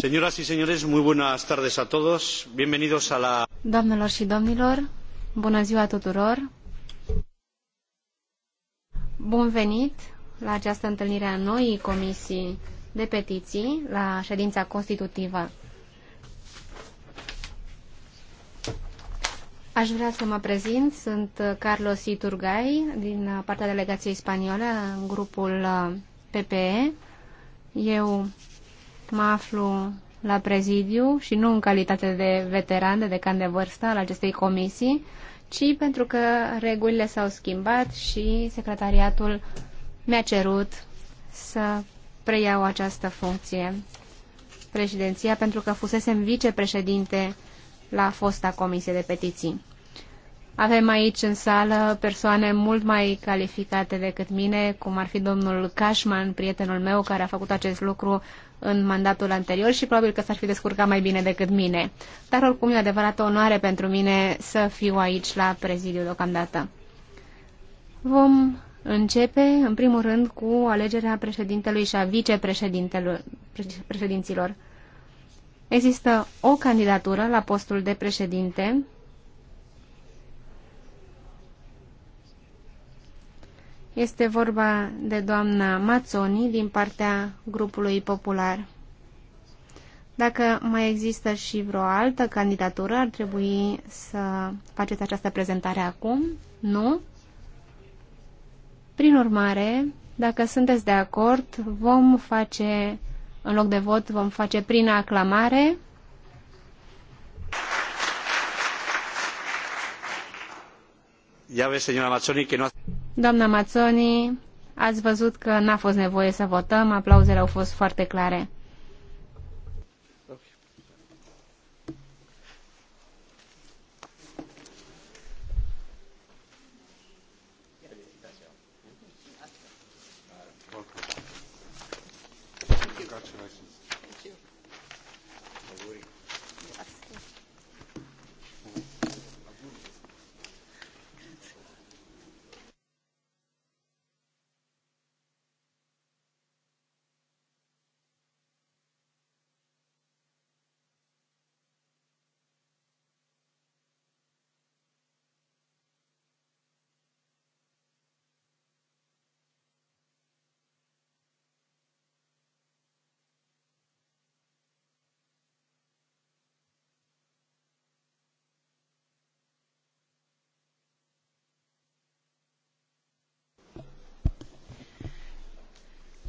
Señoras y señores, muy buenas tardes a todos. Bienvenidos a la... Doamnelor și domnilor, bună ziua tuturor. Bun venit la această întâlnire a noii comisii de petiții la ședința constitutivă. Aș vrea să mă prezint. Sunt Carlos Iturgai din partea delegației spaniole în grupul PPE. Eu mă aflu la prezidiu și nu în calitate de veteran, de decan de vârstă al acestei comisii, ci pentru că regulile s-au schimbat și secretariatul mi-a cerut să preiau această funcție, președinția, pentru că fusesem vicepreședinte la fosta comisie de petiții. Avem aici în sală persoane mult mai calificate decât mine, cum ar fi domnul Cashman, prietenul meu, care a făcut acest lucru în mandatul anterior și probabil că s-ar fi descurcat mai bine decât mine. Dar oricum e adevărată onoare pentru mine să fiu aici la prezidiu deocamdată. Vom începe, în primul rând, cu alegerea președintelui și a vicepreședinților. Există o candidatură la postul de președinte Este vorba de doamna Mazzoni din partea grupului popular. Dacă mai există și vreo altă candidatură, ar trebui să faceți această prezentare acum? Nu? Prin urmare, dacă sunteți de acord, vom face, în loc de vot, vom face prin aclamare. Ia vezi, señora Mazzoni, nu a... Doamna Mazzoni, ați văzut că n-a fost nevoie să votăm, aplauzele au fost foarte clare.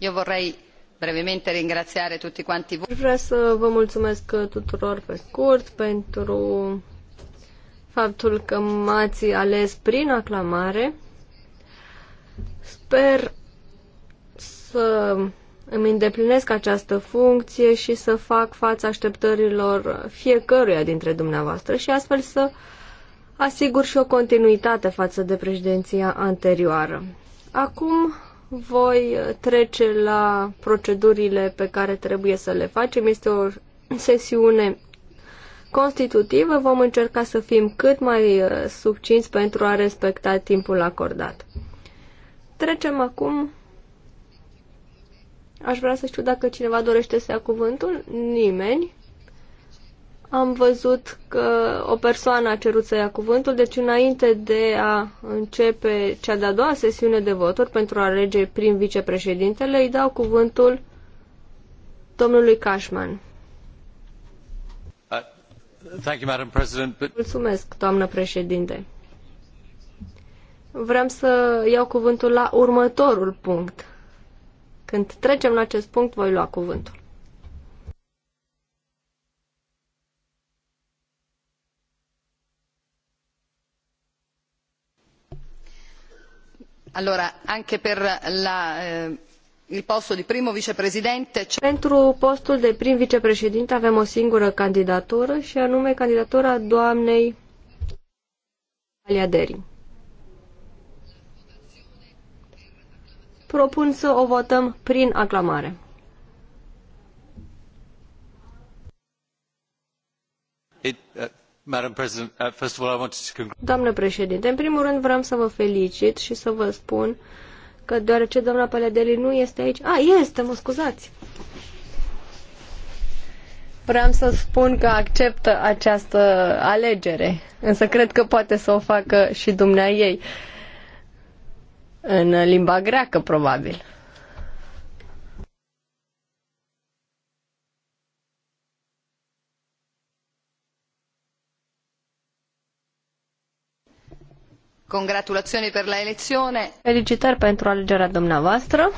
Eu vorrei brevemente ringraziare tutti quanti voi. Vreau să vă mulțumesc tuturor pe scurt pentru faptul că m-ați ales prin aclamare. Sper să îmi îndeplinesc această funcție și să fac fața așteptărilor fiecăruia dintre dumneavoastră și astfel să asigur și o continuitate față de președinția anterioară. Acum voi uh, trece la procedurile pe care trebuie să le facem. Este o sesiune constitutivă. Vom încerca să fim cât mai uh, subcinți pentru a respecta timpul acordat. Trecem acum. Aș vrea să știu dacă cineva dorește să ia cuvântul. Nimeni am văzut că o persoană a cerut să ia cuvântul, deci înainte de a începe cea de-a doua sesiune de voturi pentru a alege prim vicepreședintele, îi dau cuvântul domnului Cashman. Uh, Mulțumesc, doamnă președinte. Vreau să iau cuvântul la următorul punct. Când trecem la acest punct, voi lua cuvântul. anche per eh, il posto di primo vicepresidente... Pentru postul de prim vicepreședinte avem o singură candidatură și anume candidatura doamnei Aliaderi. Propun să o votăm prin aclamare. It, uh... Uh, Doamnă președinte, în primul rând vreau să vă felicit și să vă spun că deoarece doamna Paladeli nu este aici... A, este, mă scuzați! Vreau să spun că acceptă această alegere, însă cred că poate să o facă și dumnea ei. În limba greacă, probabil. Congratulazioni per la elezione. Felicitări pentru alegerea dumneavoastră.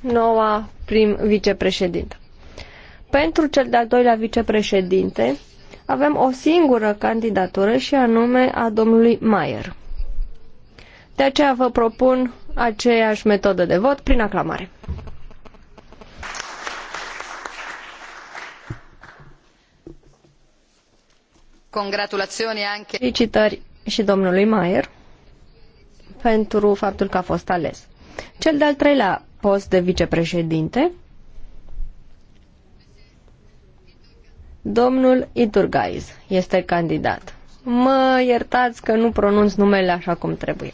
Noua prim vicepreședinte. Pentru cel de-al doilea vicepreședinte avem o singură candidatură și anume a domnului Mayer. De aceea vă propun aceeași metodă de vot prin aclamare. Congratulațiuni anche. Felicitări și domnului Maier pentru faptul că a fost ales. Cel de-al treilea post de vicepreședinte, domnul Iturgaiz este candidat. Mă iertați că nu pronunț numele așa cum trebuie.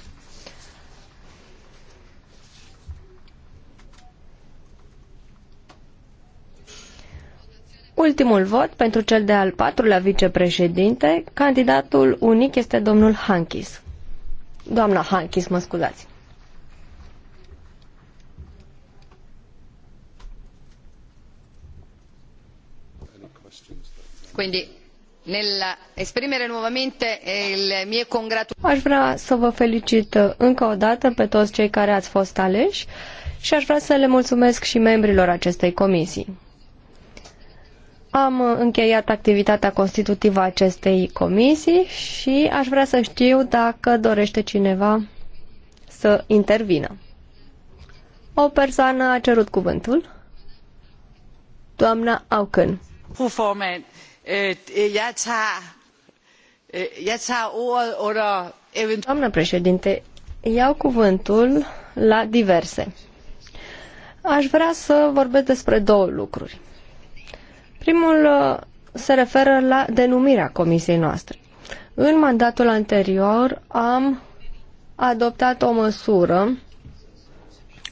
Ultimul vot pentru cel de-al patrulea vicepreședinte, candidatul unic este domnul Hankis. Doamna Hankis, mă scuzați. Quindi, esprimere nuovamente eh, il mio congratulazioni. Aș vrea să vă felicit eh, încă o dată pe toți cei care ați fost aleși și aș vrea să le mulțumesc și membrilor acestei comisii. Am încheiat activitatea constitutivă a acestei comisii și aș vrea să știu dacă dorește cineva să intervină. O persoană a cerut cuvântul. Doamna Aucân. Fru formand, øh, øh, Doamna președinte, iau cuvântul la diverse. Aș vrea să vorbesc despre două lucruri. Primul uh, se referă la denumirea comisiei noastre. În mandatul anterior am adoptat o măsură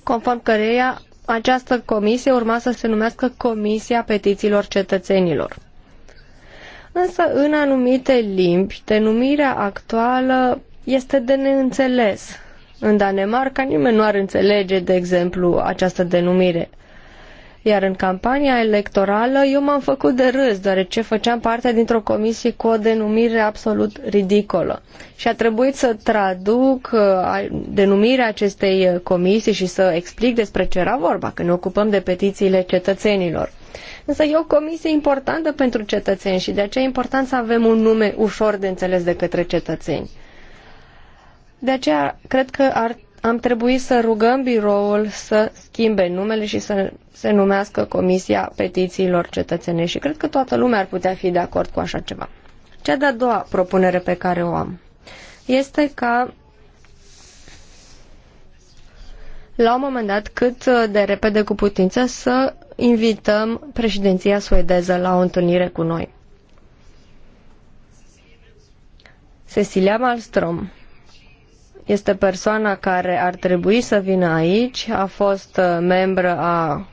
conform căreia această comisie urma să se numească Comisia Petițiilor Cetățenilor. Însă, în anumite limbi, denumirea actuală este de neînțeles. În Danemarca nimeni nu ar înțelege, de exemplu, această denumire – iar în campania electorală eu m-am făcut de râs, deoarece făceam parte dintr-o comisie cu o denumire absolut ridicolă. Și a trebuit să traduc uh, denumirea acestei uh, comisii și să explic despre ce era vorba, că ne ocupăm de petițiile cetățenilor. Însă e o comisie importantă pentru cetățeni și de aceea e important să avem un nume ușor de înțeles de către cetățeni. De aceea cred că ar am trebuit să rugăm biroul să schimbe numele și să se numească Comisia Petițiilor Cetățenești și cred că toată lumea ar putea fi de acord cu așa ceva. Cea de-a doua propunere pe care o am este ca la un moment dat, cât de repede cu putință, să invităm președinția suedeză la o întâlnire cu noi. Cecilia Malmström este persoana care ar trebui să vină aici, a fost uh, membră a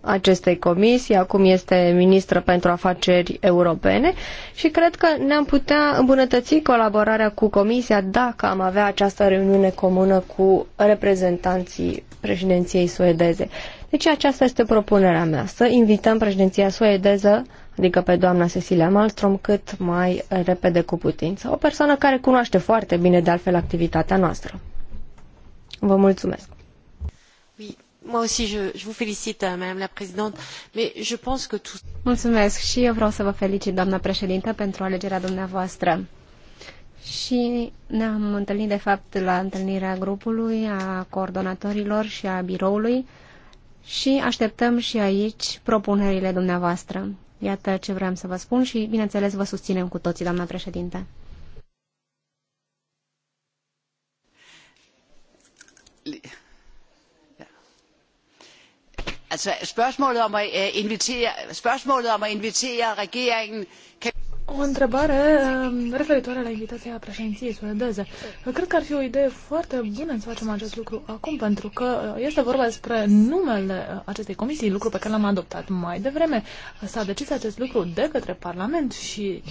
acestei comisii, acum este ministră pentru afaceri europene și cred că ne-am putea îmbunătăți colaborarea cu comisia dacă am avea această reuniune comună cu reprezentanții președinției suedeze. Deci aceasta este propunerea mea, să invităm președinția suedeză adică pe doamna Cecilia Malmström, cât mai repede cu putință. O persoană care cunoaște foarte bine de altfel activitatea noastră. Vă mulțumesc. Moi aussi, je, je vous félicite, euh, Madame la Présidente, mais je pense que tout... Mulțumesc și eu vreau să vă felicit, doamna președintă, pentru alegerea dumneavoastră. Și ne-am întâlnit, de fapt, la întâlnirea grupului, a coordonatorilor și a biroului și așteptăm și aici propunerile dumneavoastră. Iată ce vreau să vă spun și, bineînțeles, vă susținem cu toții, doamna președinte. altså spørgsmålet om at øh, invitere regeringen o întrebare um, referitoare la invitația președinției suedeze. Cred că ar fi o idee foarte bună să facem acest lucru acum, pentru că uh, este vorba despre numele uh, acestei comisii, lucru pe care l-am adoptat mai devreme. S-a decis acest lucru de către Parlament și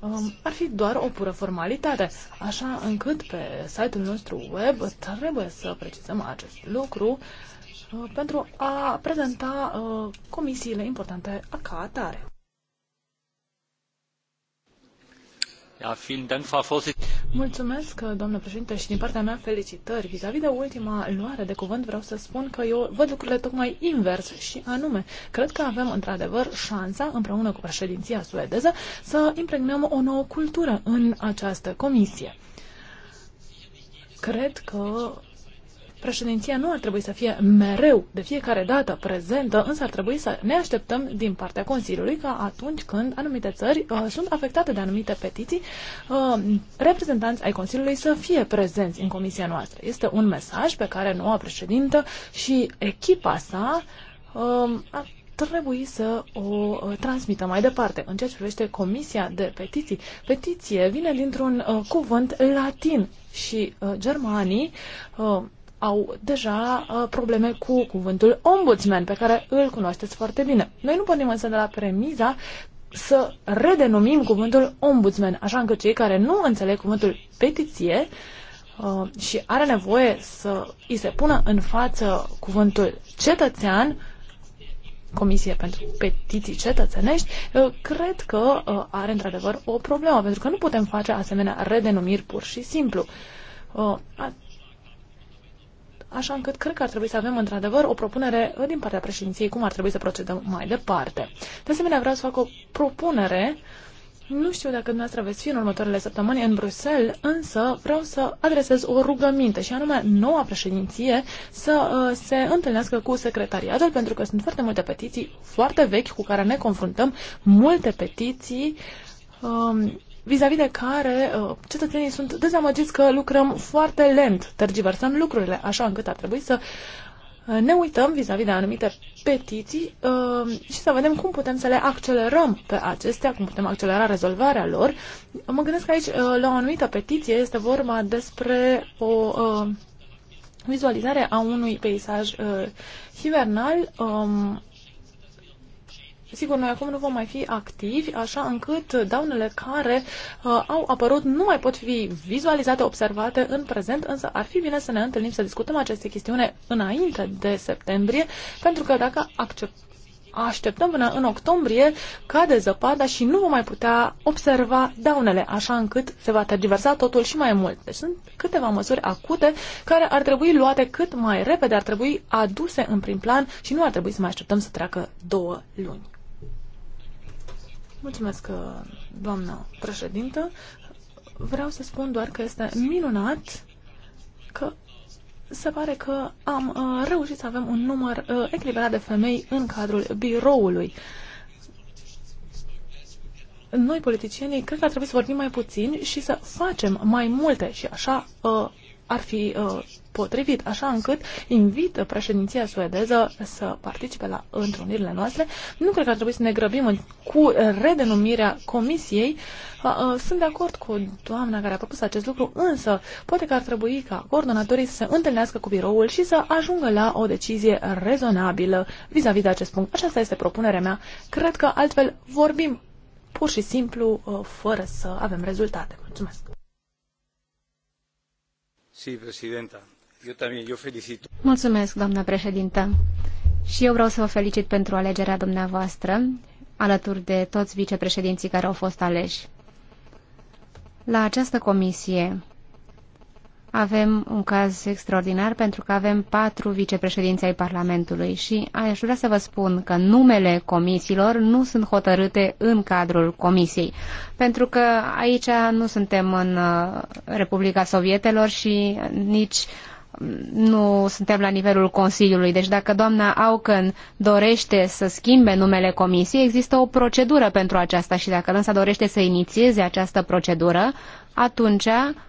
um, ar fi doar o pură formalitate, așa încât pe site-ul nostru web trebuie să precizăm acest lucru uh, pentru a prezenta uh, comisiile importante ca atare. Mulțumesc, președinte, și din partea mea felicitări. Vizavi de ultima luare de cuvânt, vreau să spun că eu văd lucrurile tocmai invers și anume, cred că avem într-adevăr șansa, împreună cu președinția suedeză, să impregnăm o nouă cultură în această comisie. Cred că Președinția nu ar trebui să fie mereu, de fiecare dată, prezentă, însă ar trebui să ne așteptăm din partea Consiliului ca atunci când anumite țări uh, sunt afectate de anumite petiții, uh, reprezentanți ai Consiliului să fie prezenți în comisia noastră. Este un mesaj pe care noua președintă și echipa sa uh, ar trebui să o uh, transmită mai departe. În ceea ce privește Comisia de Petiții, petiție vine dintr-un uh, cuvânt latin și uh, germanii uh, au deja uh, probleme cu cuvântul ombudsman, pe care îl cunoașteți foarte bine. Noi nu pornim însă de la premiza să redenumim cuvântul ombudsman, așa încât cei care nu înțeleg cuvântul petiție uh, și are nevoie să îi se pună în față cuvântul cetățean, Comisie pentru Petiții Cetățenești, uh, cred că uh, are într-adevăr o problemă, pentru că nu putem face asemenea redenumiri pur și simplu. Uh, așa încât cred că ar trebui să avem într-adevăr o propunere din partea președinției cum ar trebui să procedăm mai departe. De asemenea, vreau să fac o propunere nu știu dacă dumneavoastră veți fi în următoarele săptămâni în Bruxelles, însă vreau să adresez o rugăminte și anume noua președinție să uh, se întâlnească cu secretariatul pentru că sunt foarte multe petiții foarte vechi cu care ne confruntăm, multe petiții Uh, vis-a-vis -vis de care uh, cetățenii sunt dezamăgiți că lucrăm foarte lent, tergiversăm lucrurile, așa încât ar trebui să uh, ne uităm vis-a-vis -vis de anumite petiții uh, și să vedem cum putem să le accelerăm pe acestea, cum putem accelera rezolvarea lor. Mă gândesc aici uh, la o anumită petiție, este vorba despre o uh, vizualizare a unui peisaj uh, hivernal um, Sigur, noi acum nu vom mai fi activi, așa încât daunele care uh, au apărut nu mai pot fi vizualizate, observate în prezent, însă ar fi bine să ne întâlnim, să discutăm aceste chestiune înainte de septembrie, pentru că dacă accept, așteptăm până în octombrie cade zăpada și nu vom mai putea observa daunele, așa încât se va tergiversa totul și mai mult. Deci sunt câteva măsuri acute care ar trebui luate cât mai repede, ar trebui aduse în prim plan și nu ar trebui să mai așteptăm să treacă două luni. Mulțumesc, uh, doamnă președintă. Vreau să spun doar că este minunat că se pare că am uh, reușit să avem un număr uh, echilibrat de femei în cadrul biroului. Noi, politicienii, cred că ar trebui să vorbim mai puțin și să facem mai multe și așa uh, ar fi uh, potrivit, așa încât invit președinția suedeză să participe la întrunirile noastre. Nu cred că ar trebui să ne grăbim cu redenumirea comisiei. Uh, uh, sunt de acord cu doamna care a propus acest lucru, însă poate că ar trebui ca coordonatorii să se întâlnească cu biroul și să ajungă la o decizie rezonabilă vis-a-vis -vis de acest punct. Aceasta este propunerea mea. Cred că altfel vorbim pur și simplu uh, fără să avem rezultate. Mulțumesc! Sí, Eu eu felicit. Mulțumesc, doamnă președintă. Și eu vreau să vă felicit pentru alegerea dumneavoastră, alături de toți vicepreședinții care au fost aleși. La această comisie avem un caz extraordinar pentru că avem patru vicepreședinți ai Parlamentului și aș vrea să vă spun că numele comisiilor nu sunt hotărâte în cadrul comisiei, pentru că aici nu suntem în uh, Republica Sovietelor și nici nu suntem la nivelul Consiliului. Deci dacă doamna Auken dorește să schimbe numele Comisiei, există o procedură pentru aceasta și dacă însă dorește să inițieze această procedură, atunci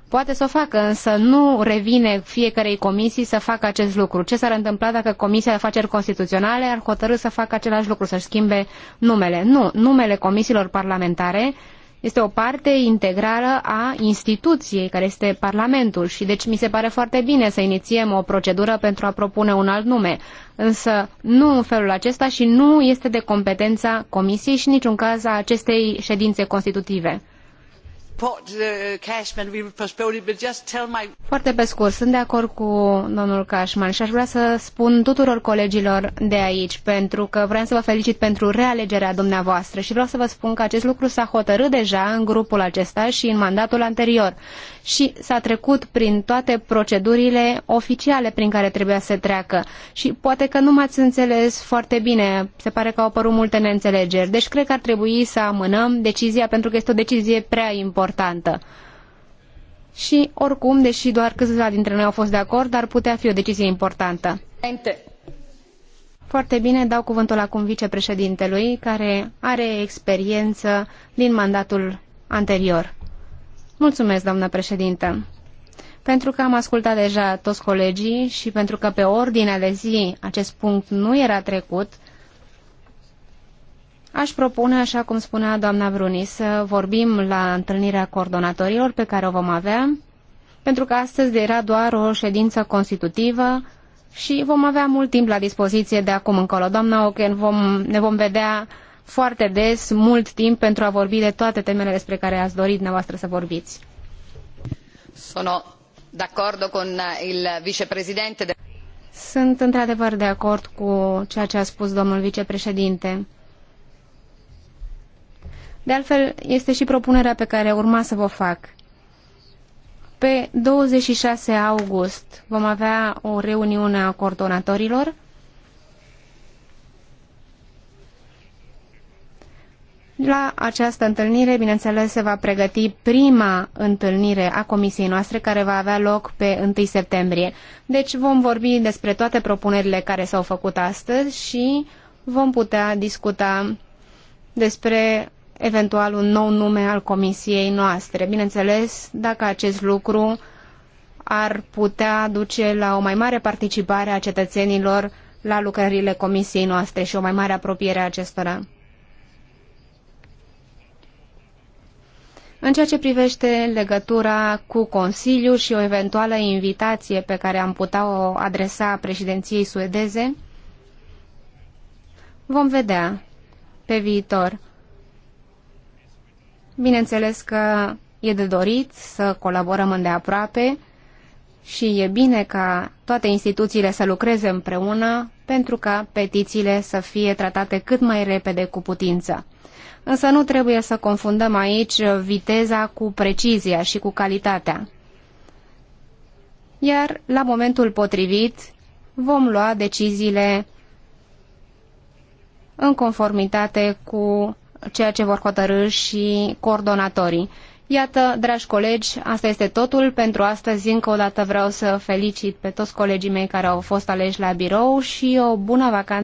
poate să o facă, însă nu revine fiecarei comisii să facă acest lucru. Ce s-ar întâmpla dacă Comisia de Afaceri Constituționale ar hotărâ să facă același lucru, să-și schimbe numele? Nu, numele comisiilor parlamentare este o parte integrală a instituției, care este Parlamentul și deci mi se pare foarte bine să inițiem o procedură pentru a propune un alt nume. Însă nu în felul acesta și nu este de competența Comisiei și niciun caz a acestei ședințe constitutive. Uh, foarte pe scurt, sunt de acord cu domnul Cashman și aș vrea să spun tuturor colegilor de aici, pentru că vreau să vă felicit pentru realegerea dumneavoastră și vreau să vă spun că acest lucru s-a hotărât deja în grupul acesta și în mandatul anterior și s-a trecut prin toate procedurile oficiale prin care trebuia să treacă și poate că nu m-ați înțeles foarte bine, se pare că au apărut multe neînțelegeri, deci cred că ar trebui să amânăm decizia pentru că este o decizie prea importantă importantă. Și, oricum, deși doar câțiva dintre noi au fost de acord, dar putea fi o decizie importantă. Foarte bine, dau cuvântul acum vicepreședintelui, care are experiență din mandatul anterior. Mulțumesc, doamnă președintă. Pentru că am ascultat deja toți colegii și pentru că pe ordinea de zi acest punct nu era trecut, Aș propune, așa cum spunea doamna Bruni, să vorbim la întâlnirea coordonatorilor pe care o vom avea, pentru că astăzi era doar o ședință constitutivă și vom avea mult timp la dispoziție de acum încolo. Doamna Oken, vom, ne vom vedea foarte des, mult timp pentru a vorbi de toate temele despre care ați dorit dumneavoastră să vorbiți. Sono d'accordo con il vicepresidente. De... Sunt într-adevăr de acord cu ceea ce a spus domnul vicepreședinte. De altfel, este și propunerea pe care urma să vă fac. Pe 26 august vom avea o reuniune a coordonatorilor La această întâlnire, bineînțeles, se va pregăti prima întâlnire a comisiei noastre, care va avea loc pe 1 septembrie. Deci vom vorbi despre toate propunerile care s-au făcut astăzi și vom putea discuta despre eventual un nou nume al comisiei noastre. Bineînțeles, dacă acest lucru ar putea duce la o mai mare participare a cetățenilor la lucrările comisiei noastre și o mai mare apropiere a acestora. În ceea ce privește legătura cu Consiliul și o eventuală invitație pe care am putea o adresa președinției suedeze, vom vedea pe viitor. Bineînțeles că e de dorit să colaborăm îndeaproape și e bine ca toate instituțiile să lucreze împreună pentru ca petițiile să fie tratate cât mai repede cu putință. Însă nu trebuie să confundăm aici viteza cu precizia și cu calitatea. Iar la momentul potrivit vom lua deciziile în conformitate cu ceea ce vor hotărâ și coordonatorii. Iată, dragi colegi, asta este totul pentru astăzi. Încă o dată vreau să felicit pe toți colegii mei care au fost aleși la birou și o bună vacanță.